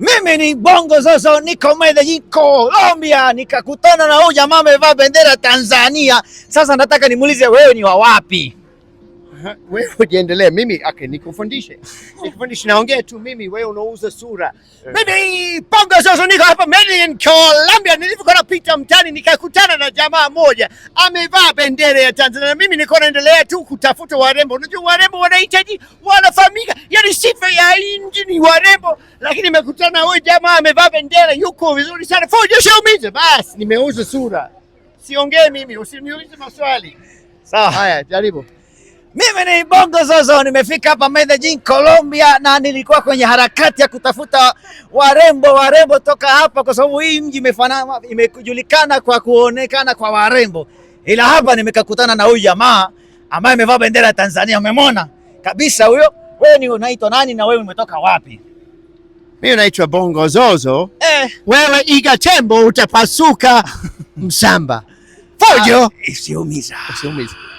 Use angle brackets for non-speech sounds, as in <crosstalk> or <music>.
Mimi ni Bongo Zozo, niko Medellin, Colombia, nikakutana na huyu jamaa amevaa bendera Tanzania. Sasa nataka nimuulize wewe ni wa wapi? <laughs> wewe ujiendelee, mimi ake nikufundishe, <laughs> nikufundishe, naongea tu mimi, wewe unauza sura eh. mimi ponga. Sasa niko hapa made in Colombia, nilivyokuwa napita mtani, nikakutana na jamaa moja amevaa bendera ya Tanzania. Mimi niko naendelea tu kutafuta warembo, unajua warembo wanahitaji, wanafahamika, yani sifa ya nchi ni warembo, lakini nimekutana na huyu jamaa amevaa bendera, yuko vizuri sana, Fojo show fojeshaumiza. Basi nimeuza sura, siongee mimi, usiniulize maswali. Sawa, haya jaribu. Mimi ni Bongo Zozo, nimefika hapa Medellin, Colombia na nilikuwa kwenye harakati ya kutafuta warembo warembo toka hapa, kwa sababu hii mji imefanana, imejulikana kwa kuonekana kwa warembo, ila hapa nimekakutana na huyu jamaa ambaye amevaa bendera ya Tanzania. Umemwona kabisa huyo. Wewe ni unaitwa nani na wewe umetoka wapi? Mimi naitwa Bongo Zozo eh. Wewe iga tembo utapasuka <laughs> msamba ah, fojo, isiumiza isiumiza.